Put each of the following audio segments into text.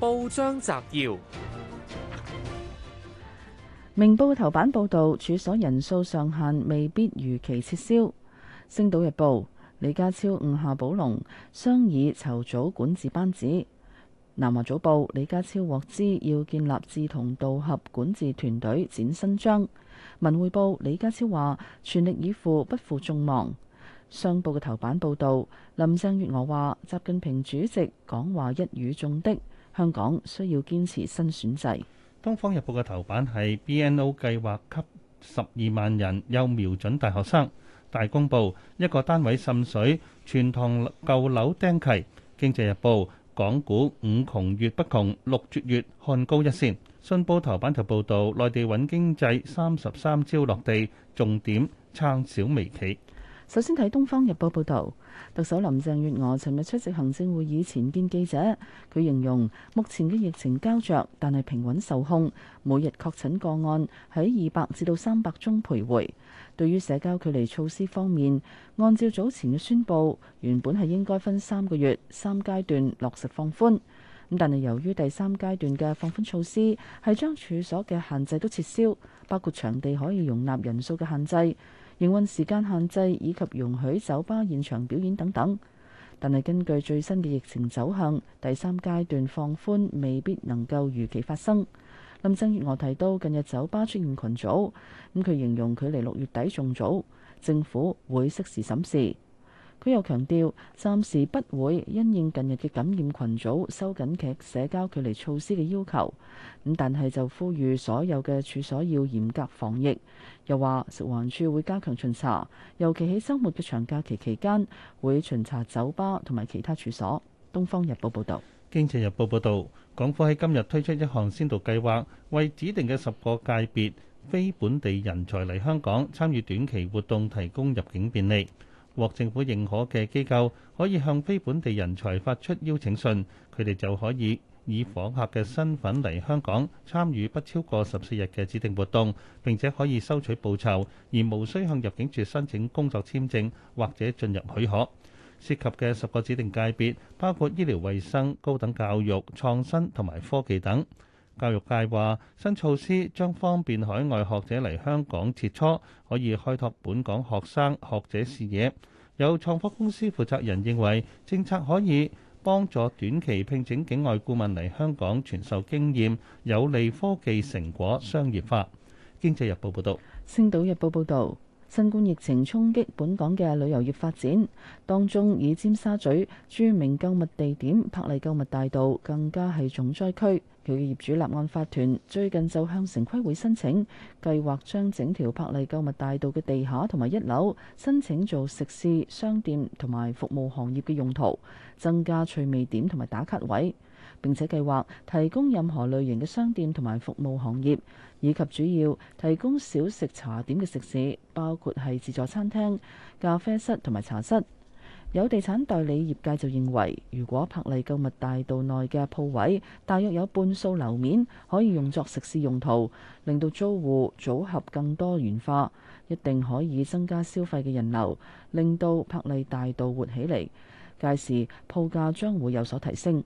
報章摘要：明報嘅頭版報道，處所人數上限未必如期撤銷。星島日報李家超晤夏寶龍，商議籌組管治班子。南華早報李家超獲知要建立志同道合管治團隊展新章。文匯報李家超話全力以赴，不負眾望。商報嘅頭版報道，林鄭月娥話習近平主席講話一語中的。香港需要堅持新選制。《東方日報》嘅頭版係 BNO 計劃給十二萬人，又瞄準大學生。《大公報》一個單位滲水，全幢舊樓釘契。《經濟日報》港股五窮月不窮，六絕月看高一線。《信報》頭版頭報導，內地穩經濟三十三招落地，重點撐小微企。首先睇《東方日報》報導，特首林鄭月娥尋日出席行政會議前見記者，佢形容目前嘅疫情膠着，但係平穩受控，每日確診個案喺二百至到三百宗徘徊。對於社交距離措施方面，按照早前嘅宣佈，原本係應該分三個月三階段落實放寬。咁但係由於第三階段嘅放寬措施係將處所嘅限制都撤銷，包括場地可以容納人數嘅限制。營運時間限制以及容許酒吧現場表演等等，但係根據最新嘅疫情走向，第三階段放寬未必能夠如期發生。林鄭月娥提到，近日酒吧出現群組，咁佢形容距離六月底仲早，政府會適時審視。佢又強調，暫時不會因應近日嘅感染群組，收緊劇社交距離措施嘅要求。咁但係就呼籲所有嘅處所要嚴格防疫。又話食環署會加強巡查，尤其喺週末嘅長假期期間，會巡查酒吧同埋其他處所。《東方日報》報道。《經濟日報》報道，港府喺今日推出一項先導計劃，為指定嘅十個界別非本地人才嚟香港參與短期活動提供入境便利。獲政府認可嘅機構可以向非本地人才發出邀請信，佢哋就可以以訪客嘅身份嚟香港參與不超過十四日嘅指定活動，並且可以收取報酬，而無需向入境處申請工作簽證或者進入許可。涉及嘅十個指定界別包括醫療衛生、高等教育、創新同埋科技等。教育界話：新措施將方便海外學者嚟香港切磋，可以開拓本港學生學者視野。有創科公司負責人認為，政策可以幫助短期聘請境外顧問嚟香港傳授經驗，有利科技成果商業化。經濟日報報道。《星島日報》報道，新冠疫情衝擊本港嘅旅遊業發展，當中以尖沙咀著名購物地點柏麗購物大道更加係重災區。佢嘅業主立案法團最近就向城規會申請，計劃將整條柏麗購物大道嘅地下同埋一樓申請做食肆、商店同埋服務行業嘅用途，增加趣味點同埋打卡位，並且計劃提供任何類型嘅商店同埋服務行業，以及主要提供小食茶點嘅食肆，包括係自助餐廳、咖啡室同埋茶室。有地產代理業界就認為，如果柏麗購物大道內嘅鋪位大約有半數樓面可以用作食肆用途，令到租戶組合更多元化，一定可以增加消費嘅人流，令到柏麗大道活起嚟。屆時鋪價將會有所提升。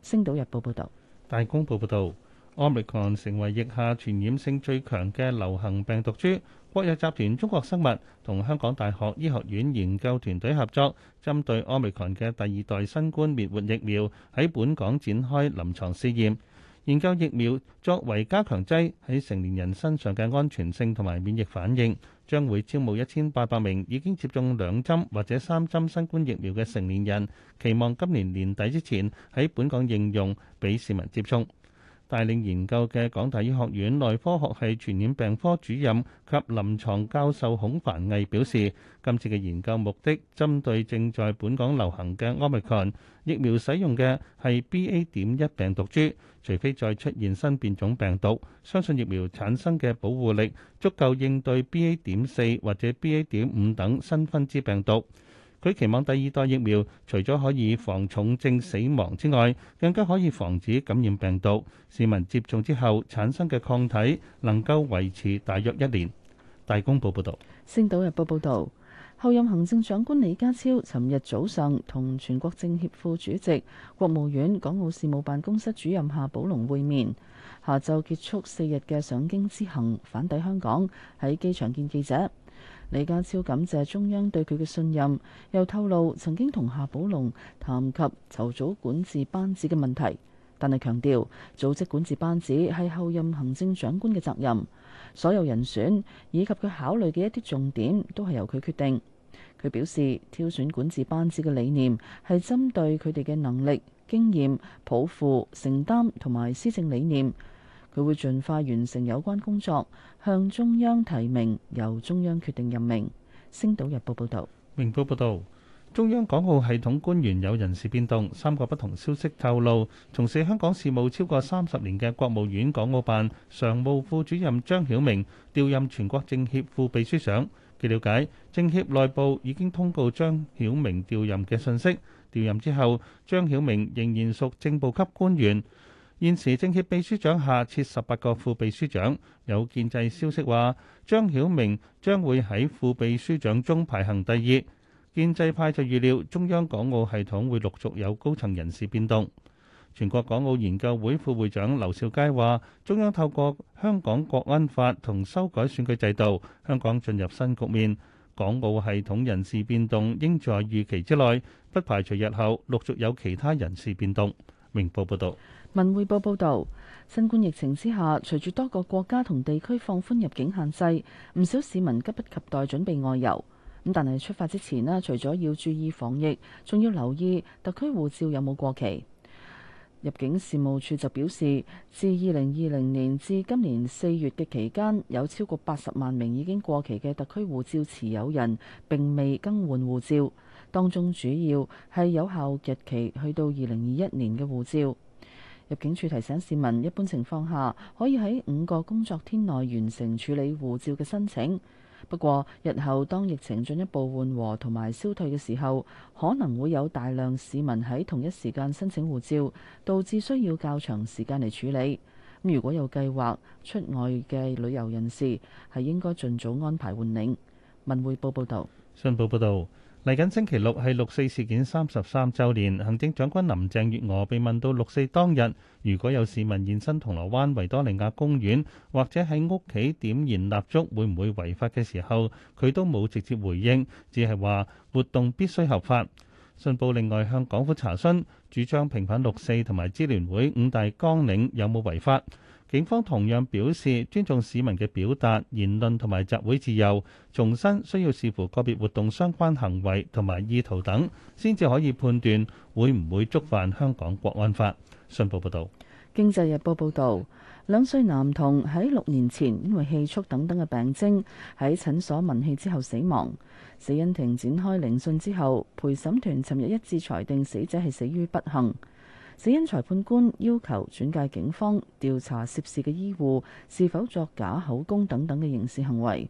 星島日報報道。大公報報道。Omicron 成為疫下傳染性最強嘅流行病毒株。國藥集團中國生物同香港大學醫學院研究團隊合作，針對 Omicron 嘅第二代新冠滅活疫苗喺本港展開臨床試驗，研究疫苗作為加強劑喺成年人身上嘅安全性同埋免疫反應，將會招募一千八百名已經接種兩針或者三針新冠疫苗嘅成年人，期望今年年底之前喺本港應用俾市民接種。帶領研究嘅港大醫學院內科學系傳染病科主任及臨床教授孔凡毅表示，今次嘅研究目的針對正在本港流行嘅 Omicron 疫苗，使用嘅係 BA.1 病毒株，除非再出現新變種病毒，相信疫苗產生嘅保護力足夠應對 BA.4 或者 BA.5 等新分支病毒。佢期望第二代疫苗除咗可以防重症死亡之外，更加可以防止感染病毒。市民接種之後產生嘅抗體能夠維持大約一年。大公報報道。星島日報報道，候任行政長官李家超尋日早上同全國政協副主席、國務院港澳事務辦公室主任夏寶龍會面。下晝結束四日嘅上京之行，返抵香港，喺機場見記者。李家超感謝中央對佢嘅信任，又透露曾經同夏寶龍談及籌組管治班子嘅問題，但係強調組織管治班子係後任行政長官嘅責任，所有人選以及佢考慮嘅一啲重點都係由佢決定。佢表示挑選管治班子嘅理念係針對佢哋嘅能力、經驗、抱負、承擔同埋施政理念。佢會盡快完成有關工作，向中央提名，由中央決定任命。星島日報報道：「明報報道，中央港澳系統官員有人事變動，三個不同消息透露，從事香港事務超過三十年嘅國務院港澳辦常務副主任張曉明調任全國政協副秘書長。據了解，政協內部已經通告張曉明調任嘅信息。調任之後，張曉明仍然屬正部級官員。現時政協秘書長下設十八個副秘書長，有建制消息話張曉明將會喺副秘書長中排行第二。建制派就預料中央港澳系統會陸續有高層人事變動。全國港澳研究會副會長劉兆佳話：中央透過香港國安法同修改選舉制度，香港進入新局面，港澳系統人事變動應在預期之內，不排除日後陸續有其他人事變動。明報報道。文匯報報道，新冠疫情之下，隨住多個國家同地區放寬入境限制，唔少市民急不及待準備外遊。咁但係出發之前呢，除咗要注意防疫，仲要留意特區護照有冇過期。入境事務處就表示，自二零二零年至今年四月嘅期間，有超過八十萬名已經過期嘅特區護照持有人，並未更換護照。當中主要係有效日期去到二零二一年嘅護照。入境處提醒市民，一般情況下可以喺五個工作天內完成處理護照嘅申請。不過，日後當疫情進一步緩和同埋消退嘅時候，可能會有大量市民喺同一時間申請護照，導致需要較長時間嚟處理。如果有計劃出外嘅旅遊人士，係應該盡早安排換領。文匯報報道。新報報導。嚟緊星期六係六四事件三十三週年，行政長官林鄭月娥被問到六四當日如果有市民現身銅鑼灣維多利亞公園或者喺屋企點燃蠟燭，會唔會違法嘅時候，佢都冇直接回應，只係話活動必須合法。信報另外向港府查詢，主張平反六四同埋支聯會五大綱領有冇違法。警方同樣表示尊重市民嘅表達、言論同埋集會自由，重申需要視乎個別活動相關行為同埋意圖等，先至可以判斷會唔會觸犯香港國安法。信報報導，《經濟日報》報導，兩歲男童喺六年前因為氣促等等嘅病徵喺診所聞氣之後死亡。死因庭展開聆訊之後，陪審團尋日一致裁定死者係死於不幸。死因裁判官要求轉介警方調查涉事嘅醫護是否作假口供等等嘅刑事行為。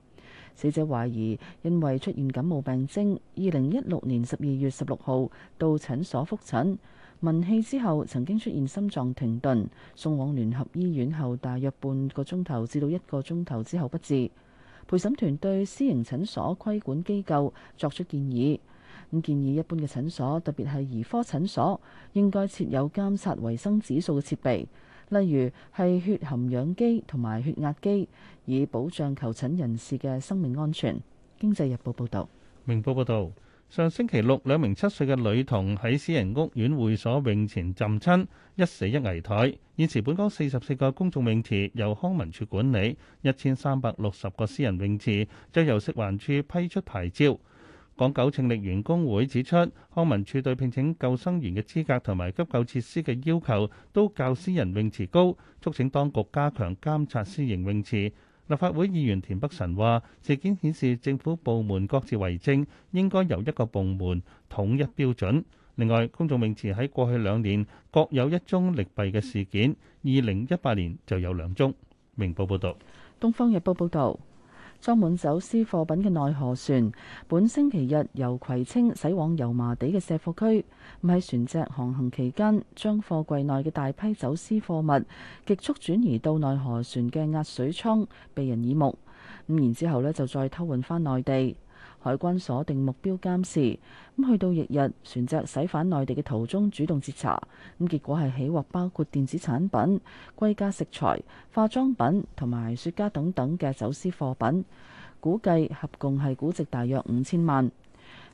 死者懷疑因為出現感冒病徵，二零一六年十二月十六號到診所覆診，聞氣之後曾經出現心臟停頓，送往聯合醫院後大約半個鐘頭至到一個鐘頭之後不治。陪審團對私營診所規管機構作出建議。咁建議一般嘅診所，特別係兒科診所，應該設有監察衞生指數嘅設備，例如係血含氧機同埋血壓機，以保障求診人士嘅生命安全。經濟日報報道：「明報報道，上星期六兩名七歲嘅女童喺私人屋苑會所泳池浸親，一死一危殆。現時本港四十四個公眾泳池由康文署管理，一千三百六十個私人泳池就由食環署批出牌照。港九拯溺員工會指出，康文署對聘請救生員嘅資格同埋急救設施嘅要求都較私人泳池高，促請當局加強監察私營泳池。立法會議員田北辰話：事件顯示政府部門各自為政，應該由一個部門統一標準。另外，公眾泳池喺過去兩年各有一宗溺斃嘅事件，二零一八年就有兩宗。明報報道。《東方日報》報導。裝滿走私貨品嘅內河船，本星期日由葵青駛往油麻地嘅卸貨區，喺船隻航行期間，將貨櫃內嘅大批走私貨物，極速轉移到內河船嘅壓水艙，避人耳目，咁然之後呢就再偷運翻內地。海關鎖定目標監視，咁去到翌日，日，船隻駛返內地嘅途中主動截查，咁結果係起獲包括電子產品、貴價食材、化妝品同埋雪茄等等嘅走私貨品，估計合共係估值大約五千萬。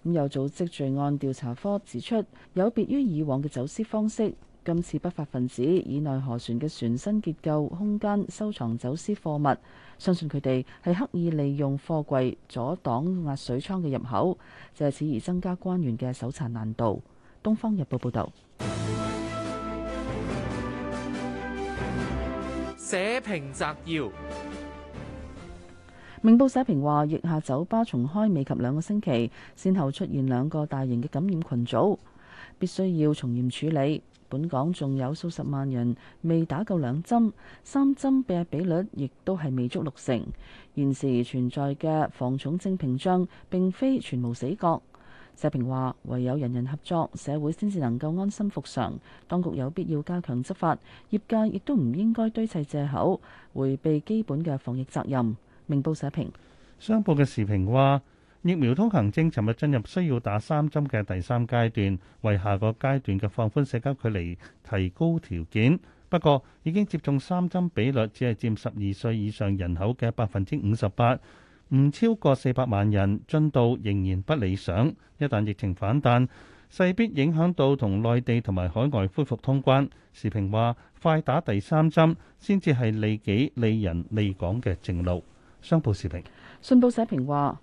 咁有組織罪案調查科指出，有別於以往嘅走私方式。今次不法分子以內河船嘅船身結構空間收藏走私貨物，相信佢哋係刻意利用貨櫃阻擋壓水倉嘅入口，借此而增加官員嘅搜查難度。《東方日報》報道。社評摘要，明報社評話疫下酒吧重開未及兩個星期，先後出現兩個大型嘅感染群組，必須要從嚴處理。本港仲有數十萬人未打夠兩針三針病比率亦都係未足六成。現時存在嘅防重症屏障並非全無死角。社評話唯有人人合作，社會先至能夠安心復常。當局有必要加強執法，業界亦都唔應該堆砌借口，回避基本嘅防疫責任。明報社評，商報嘅時評話。疫苗通行證尋日進入需要打三針嘅第三階段，為下個階段嘅放寬社交距離提高條件。不過，已經接種三針比率只係佔十二歲以上人口嘅百分之五十八，唔超過四百萬人，進度仍然不理想。一旦疫情反彈，勢必影響到同內地同埋海外恢復通關。時評話：快打第三針，先至係利己利人利港嘅正路。商報時評，信報社評話。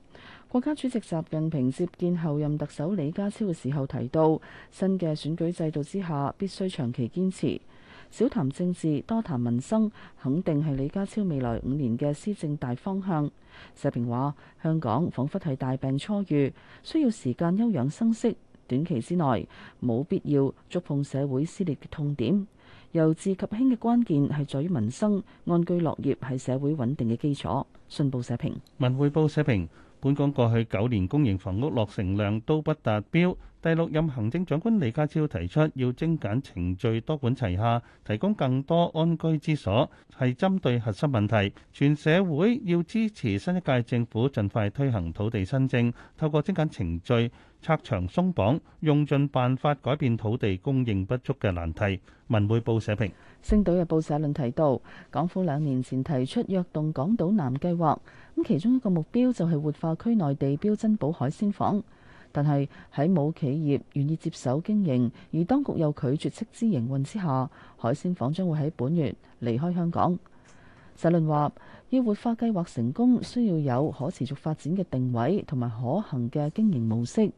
國家主席習近平接見候任特首李家超嘅時候提到，新嘅選舉制度之下必須長期堅持，少談政治多談民生，肯定係李家超未來五年嘅施政大方向。社評話：香港彷彿係大病初愈，需要時間休養生息，短期之內冇必要觸碰社會撕裂嘅痛點。由治及興嘅關鍵係在於民生安居樂業係社會穩定嘅基礎。信報社評，文匯報社評。本港過去九年公營房屋落成量都不達標，第六任行政長官李家超提出要精簡程序、多管齊下，提供更多安居之所，係針對核心問題。全社會要支持新一屆政府盡快推行土地新政，透過精簡程序。拆牆鬆綁，用盡辦法改變土地供應不足嘅難題。文匯報社評。《星島日報》社論提到，港府兩年前提出躍動港島南計劃，咁其中一個目標就係活化區內地標珍寶海鮮舫。但係喺冇企業願意接手經營，而當局又拒絕斥資營運之下，海鮮舫將會喺本月離開香港。社論話，要活化計劃成功，需要有可持續發展嘅定位同埋可行嘅經營模式。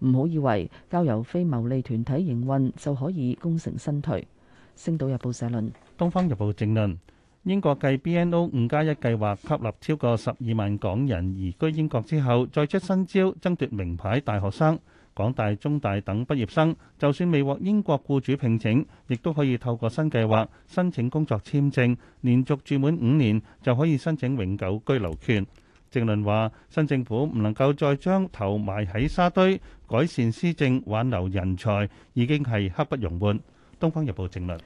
唔好以為交由非牟利團體營運就可以功成身退。星島日報社論，東方日報正論：英國繼 BNO 五加一計劃吸納超過十二萬港人移居英國之後，再出新招爭奪名牌大學生。港大、中大等畢業生，就算未獲英國僱主聘請，亦都可以透過新計劃申請工作簽證，連續住滿五年就可以申請永久居留權。正論話：新政府唔能夠再將頭埋喺沙堆，改善施政、挽留人才，已經係刻不容緩。東方日報正論。